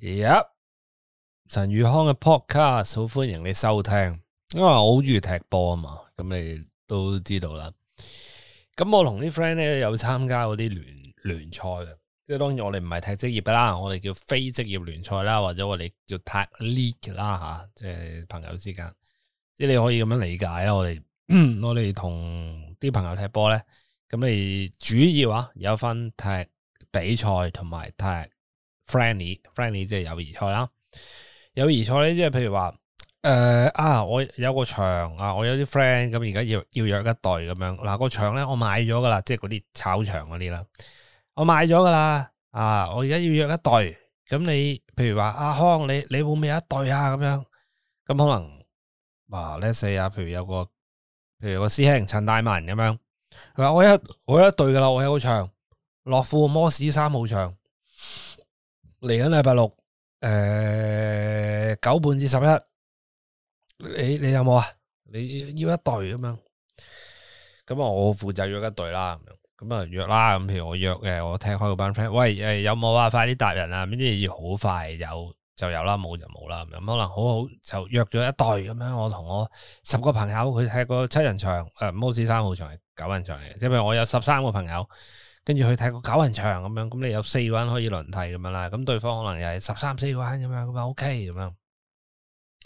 耶！yep, 陳宇康嘅 podcast 好歡迎你收聽，因、啊、為我好中意踢波啊嘛，咁你都知道啦。咁我同啲 friend 咧有參加嗰啲聯聯賽嘅，即係當然我哋唔係踢職業啦，我哋叫非職業聯賽啦，或者我哋叫踢 league 啦、啊、吓，即、就、係、是、朋友之間，即係你可以咁樣理解啦。我哋 我哋同啲朋友踢波咧，咁你主要啊有分踢比賽同埋踢。friendly，friendly 即係友誼賽啦。友誼賽咧，即係譬如話，誒、呃、啊，我有個場啊，我有啲 friend 咁，而家要要約一隊咁樣。嗱、啊，個場咧我買咗噶啦，即係嗰啲炒場嗰啲啦，我買咗噶啦。啊，我而家要約一隊，咁你譬如話阿、啊、康，你你會唔會有一隊啊？咁樣，咁可能，嗱，let's say 啊，譬如有個，譬如個師兄陳大文咁樣，佢話，我一我一隊噶啦，我有個場，樂富摩士三號場。嚟緊禮拜六，誒、呃、九半至十一，你你有冇啊？你要一隊咁樣，咁啊我負責約一隊啦，咁、嗯、樣，咁、嗯、啊約啦，咁、嗯、譬如我約嘅，我踢開個班 friend，喂，誒有冇啊？快啲答人啊！呢啲嘢要好快有就有啦，冇就冇啦，咁、嗯嗯、可能好好就約咗一隊咁樣，我同我十個朋友，佢踢個七人場，誒摩士三號場係九人場嚟嘅，即係我有十三個朋友。跟住去踢個九人場咁樣，咁你有四個人可以輪替咁樣啦，咁對方可能又係十三四個人咁樣，咁啊 O K 咁樣。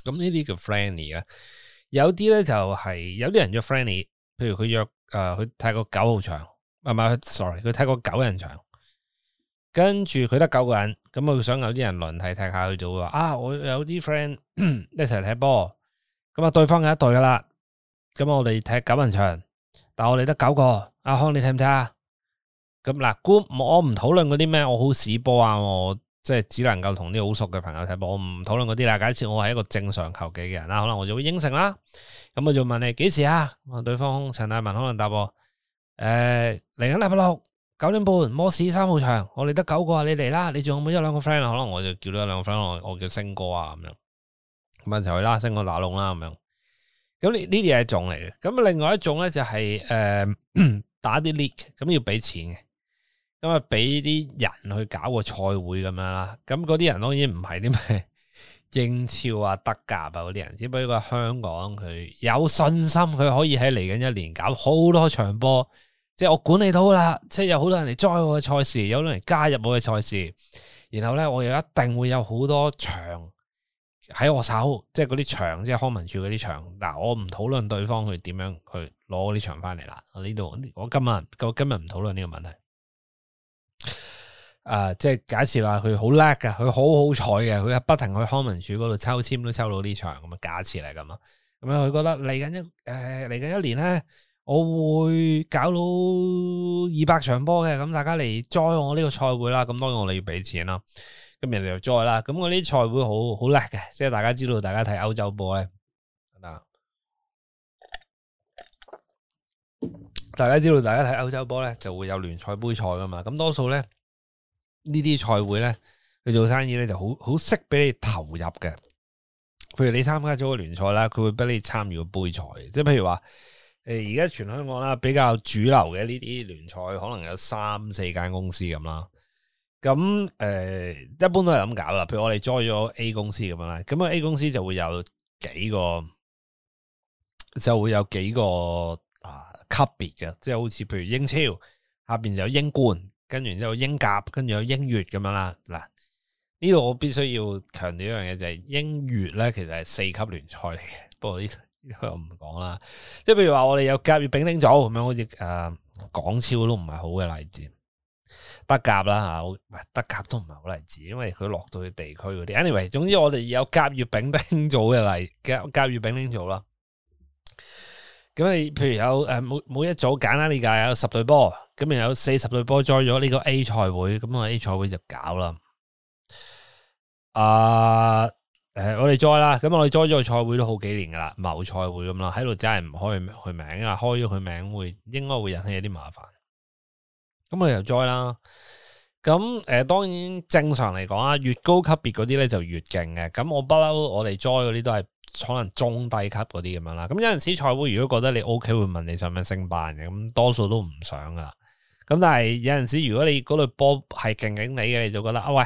咁呢啲叫 friendly 啦、就是，有啲咧就係有啲人約 friendly，譬如佢約誒佢、呃、踢個九號場，唔係唔係，sorry，佢踢個九人場，跟住佢得九個人，咁佢想有啲人輪替踢,踢下，佢就會話啊，我有啲 friend 一齊踢波，咁啊對方有一隊噶啦，咁我哋踢九人場，但係我哋得九個，阿康你踢唔踢啊？咁嗱，姑我唔討論嗰啲咩，我好屎波啊！我即係只能夠同啲好熟嘅朋友睇波，我唔討論嗰啲啦。假設我係一個正常球技嘅人啦，可能我就會應承啦。咁我就問你幾時啊？對方陳大文可能答我，誒、呃，嚟緊禮拜六九點半摩士三號場，我哋得九個，你嚟啦！你仲有冇一兩個 friend？可能我就叫咗一兩個 friend，我我叫星哥啊咁樣。咁嘅時候去啦，星哥打龍啦咁樣。咁呢呢啲係一種嚟嘅。咁另外一種咧就係、是、誒、呃、打啲 leak，咁要俾錢嘅。因為，俾啲人去搞個賽會咁樣啦。咁嗰啲人當然唔係啲咩英超啊、德甲啊嗰啲人，只不過香港佢有信心，佢可以喺嚟緊一年搞好多場波。即係我管理到啦，即係有好多人嚟 join 我嘅賽事，有好多人加入我嘅賽事，然後咧我又一定會有好多場喺我手，即係嗰啲場，即係康文署嗰啲場。嗱，我唔討論對方佢點樣去攞嗰啲場翻嚟啦。呢度我今日我今日唔討論呢個問題。誒、啊，即係假設話佢好叻嘅，佢好好彩嘅，佢係不停去康文署嗰度抽籤都抽到呢場咁啊，假設嚟㗎嘛。咁樣佢覺得嚟緊一誒嚟緊一年咧，我會搞到二百場波嘅，咁大家嚟 join 我呢個賽會啦，咁當然我哋要俾錢啦，咁人哋就 join 啦，咁我啲賽會好好叻嘅，即係大家知道，大家睇歐洲波咧嗱，大家知道大家睇歐洲波咧就會有聯賽杯賽噶嘛，咁多數咧。賽呢啲賽會咧，佢做生意咧就好好識俾你投入嘅。譬如你參加咗個聯賽啦，佢會俾你參與個杯賽，即係譬如話，誒而家全香港啦比較主流嘅呢啲聯賽，可能有三四間公司咁啦。咁誒、呃，一般都係咁搞啦。譬如我哋 join 咗 A 公司咁啦，咁啊 A 公司就會有幾個，就會有幾個啊級別嘅，即係好似譬如英超下邊有英冠。跟完之後英甲跟住有英乙咁樣啦，嗱呢度我必須要強調一樣嘢就係、是、英乙咧，其實係四級聯賽嚟嘅，不過呢呢個我唔講啦。即係譬如話我哋有甲乙丙丁組咁樣好，好似誒港超都唔係好嘅例子，德甲啦吓，唔、啊、德甲都唔係好例子，因為佢落到去地區嗰啲。anyway，總之我哋有甲乙丙丁組嘅例，甲甲乙丙丁組啦。咁你譬如有誒每每一組簡單理解有十隊波，咁又有四十隊波 join 咗呢個 A 賽會，咁我 A 賽會就搞啦。啊，誒，我哋 join 啦，咁我哋 join 咗個賽會都好幾年噶啦，某賽會咁啦，喺度真係唔開佢名啊，開咗佢名，名會應該會引起一啲麻煩。咁我又 join 啦。咁誒、呃，當然正常嚟講啊，越高級別嗰啲咧就越勁嘅。咁我不嬲，我哋 join 嗰啲都係。可能中低級嗰啲咁樣啦，咁有陣時賽會如果覺得你 O、OK, K 會問你想唔想升班嘅，咁多數都唔想噶。咁但係有陣時如果你嗰隊波係勁勁你嘅，你就覺得啊喂，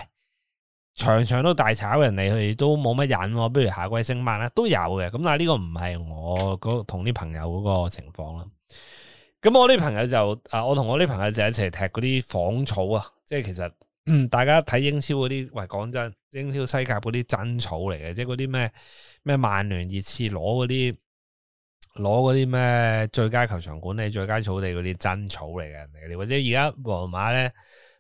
場場都大炒人嚟，佢哋都冇乜癮，不如下季升班咧，都有嘅。咁但係呢個唔係我同啲朋友嗰個情況啦。咁我啲朋友就啊，我同我啲朋友就一齊踢嗰啲仿草啊，即係其實。大家睇英超嗰啲，喂，講真，英超西甲嗰啲真草嚟嘅。即係嗰啲咩咩曼聯熱刺攞嗰啲，攞啲咩最佳球場管理、最佳草地嗰啲真草嚟嘅嚟嘅，或者而家皇馬咧，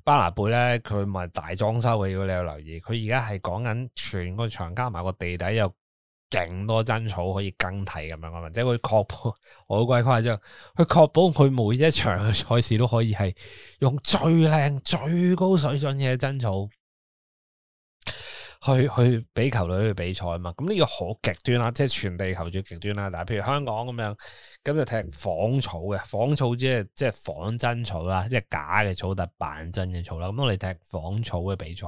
巴拿貝咧，佢咪大裝修嘅。如果你有留意，佢而家係講緊全個場加埋個地底有。勁多真草可以更替咁樣啊，或者佢確保，我好鬼誇張，去確保佢每一場嘅賽事都可以係用最靚、最高水準嘅真草去去俾球隊去比賽啊嘛。咁呢個好極端啦，即係全地球最極端啦。但係譬如香港咁樣，咁就踢仿草嘅，仿草即係即係仿真草啦，即係假嘅草，但係扮真嘅草啦。咁我哋踢仿草嘅比賽。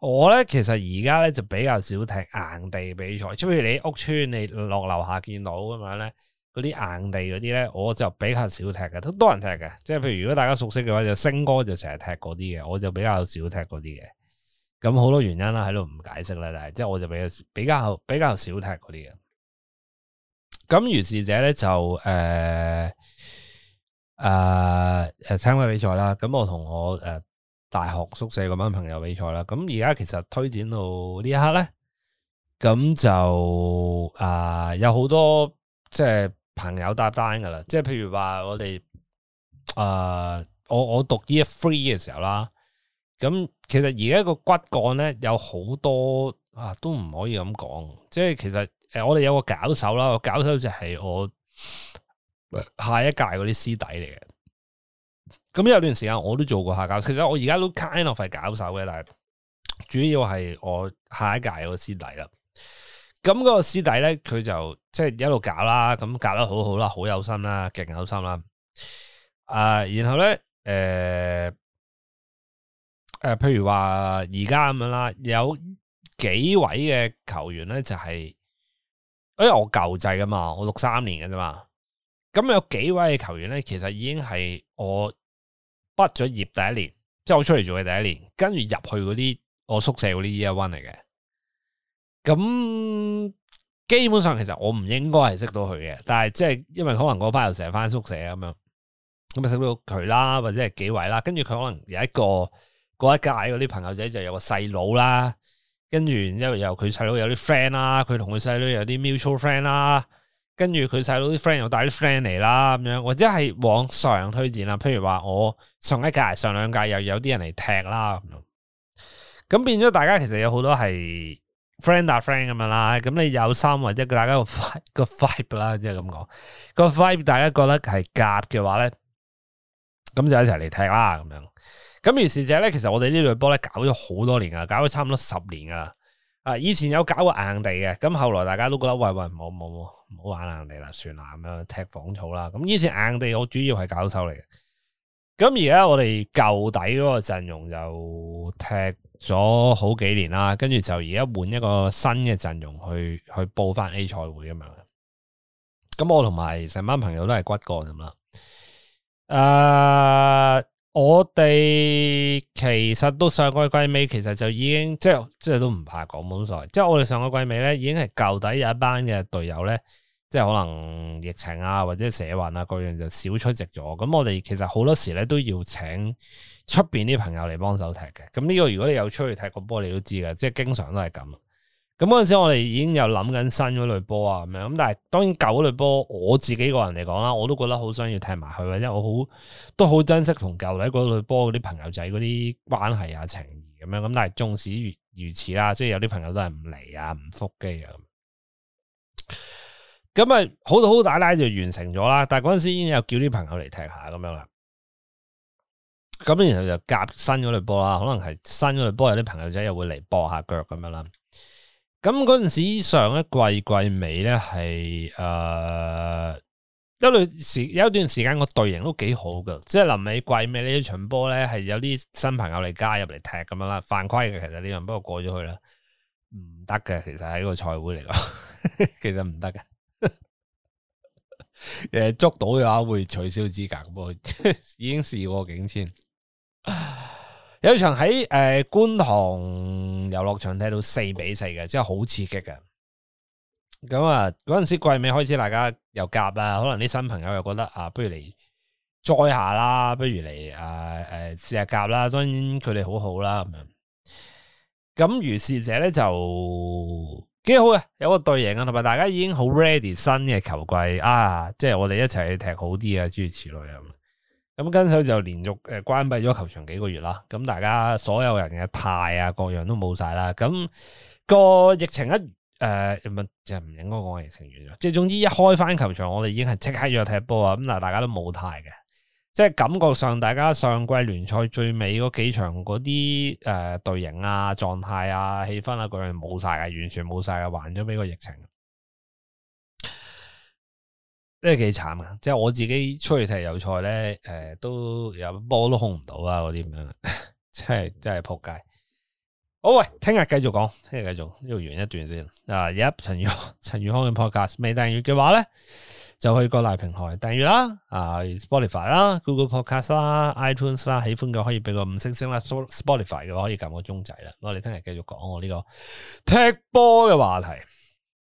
我咧其實而家咧就比較少踢硬地比賽，即係譬如你屋村你落樓下見到咁樣咧，嗰啲硬地嗰啲咧，我就比較少踢嘅，都多人踢嘅。即係譬如如果大家熟悉嘅話，就升哥就成日踢嗰啲嘅，我就比較少踢嗰啲嘅。咁好多原因啦，喺度唔解釋啦，但係即係我就比較比較比較少踢嗰啲嘅。咁如是者咧就誒誒誒參加比賽啦。咁我同我誒。呃大學宿舍嗰班朋友比賽啦，咁而家其實推展到呢一刻咧，咁就啊、呃、有好多即係朋友搭單噶啦，即係譬如話我哋誒、呃，我我讀 year three 嘅時候啦，咁其實而家個骨幹咧有好多啊，都唔可以咁講，即係其實誒，我哋有個搞手啦，個搞手就係我下一屆嗰啲師弟嚟嘅。咁有段時間我都做過下教，其實我而家都 kind of 係搞手嘅，但係主要係我下一屆嗰個師弟啦。咁個師弟咧，佢就即係一路教啦，咁教得好好啦，好有心啦，勁有心啦。啊、uh，然後咧，誒、呃，誒、呃，譬如話而家咁樣啦，有幾位嘅球員咧就係、是，因為我舊制㗎嘛，我六三年嘅啫嘛，咁有幾位嘅球員咧，其實已經係我。畢咗業第一年，即係我出嚟做嘅第一年，跟住入去嗰啲我宿舍嗰啲 year one 嚟嘅，咁基本上其實我唔應該係識到佢嘅，但係即係因為可能嗰班又成日翻宿舍咁樣，咁啊識到佢啦，或者係幾位啦，跟住佢可能有一個嗰一屆嗰啲朋友仔就有個細佬啦，弟弟他跟住然之後又佢細佬有啲 friend 啦，佢同佢細佬有啲 mutual friend 啦。跟住佢細佬啲 friend 又帶啲 friend 嚟啦，咁樣或者係往上推薦啦。譬如話我上一屆、上兩屆又有啲人嚟踢啦，咁樣咁變咗大家其實有好多係 friend 打 friend 咁樣啦。咁你有心或者大家個個 vibe 啦，即係咁講個 vibe，vi vi 大家覺得係夾嘅話咧，咁就一齊嚟踢啦，咁樣。咁如是者咧，其實我哋呢類波咧搞咗好多年啊，搞咗差唔多十年啊。啊！以前有搞過硬地嘅，咁後來大家都覺得喂喂，冇冇冇，唔好玩硬地啦，算啦咁樣踢仿草啦。咁以前硬地我主要係搞手嚟嘅。咁而家我哋舊底嗰個陣容就踢咗好幾年啦，跟住就而家換一個新嘅陣容去去報翻 A 賽會咁樣。咁我同埋成班朋友都係骨幹咁啦。誒、呃。我哋其實都上個季尾其實就已經即係即係都唔怕講冇所謂，即係我哋上個季尾咧已經係舊底有一班嘅隊友咧，即係可能疫情啊或者社運啊各樣就少出席咗，咁我哋其實好多時咧都要請出面啲朋友嚟幫手踢嘅，咁呢個如果你有出去踢過波你都知嘅，即係經常都係咁。咁嗰陣時，我哋已經有諗緊新嗰類波啊，咁樣咁。但係當然舊嗰類波，我自己個人嚟講啦，我都覺得好想要踢埋佢，因為我好都好珍惜同舊嗰類波嗰啲朋友仔嗰啲關係啊、情誼咁樣。咁但係縱使如如此啦，即係有啲朋友都係唔嚟啊、唔覆機啊。咁咁啊，好到好大啦就完成咗啦。但係嗰陣時已經又叫啲朋友嚟踢下咁樣啦。咁然後就夾新嗰類波啦，可能係新嗰類波有啲朋友仔又會嚟博下腳咁樣啦。咁嗰陣時上一季季尾咧，係誒一段時有一段時間個隊形都幾好嘅，即係臨尾季尾呢一場波咧，係有啲新朋友嚟加入嚟踢咁樣啦，犯規嘅其實呢樣，不過過咗去啦，唔得嘅其實喺個賽會嚟講，其實唔得嘅，誒 捉到嘅話會取消資格嘅噃， 已經試過境遷。 有場喺誒、呃、觀塘遊樂場踢到四比四嘅，即係好刺激嘅。咁、嗯、啊，嗰陣時季尾開始，大家又夾啦。可能啲新朋友又覺得啊，不如嚟栽下啦，不如嚟誒誒試下夾啦。當然佢哋好好啦。咁如是者咧就幾好嘅，有個隊形啊，同埋大家已經好 ready 新嘅球季啊，即係我哋一齊去踢好啲啊，諸如此類咁。咁跟手就連續誒關閉咗球場幾個月啦，咁大家所有人嘅態啊，各樣都冇晒啦。咁個疫情一誒，唔係即係唔應該講疫情完咗，即係總之一開翻球場，我哋已經係即刻約踢波啊。咁嗱，大家都冇態嘅，即係感覺上大家上季聯賽最尾嗰幾場嗰啲誒隊形啊、狀態啊、氣氛啊，各樣冇晒㗎，完全冇晒嘅，還咗俾個疫情。真係幾慘啊！即係我自己出去踢友賽咧，誒、呃，都有波都控唔到啊，嗰啲咁樣，真係真係撲街。好喂，聽日繼續講，聽日繼續，呢度完一段先，uh, yep, 陳陳 cast。啊，有陳宇陳宇康嘅 podcast 未訂閱嘅話咧，就去各大平台訂閱啦。啊，Spotify 啦，Google Podcast 啦，iTunes 啦，喜歡嘅可以俾個五星星啦。Spotify 嘅話可以撳個鐘仔啦。我哋聽日繼續講我呢、這個踢波嘅話題。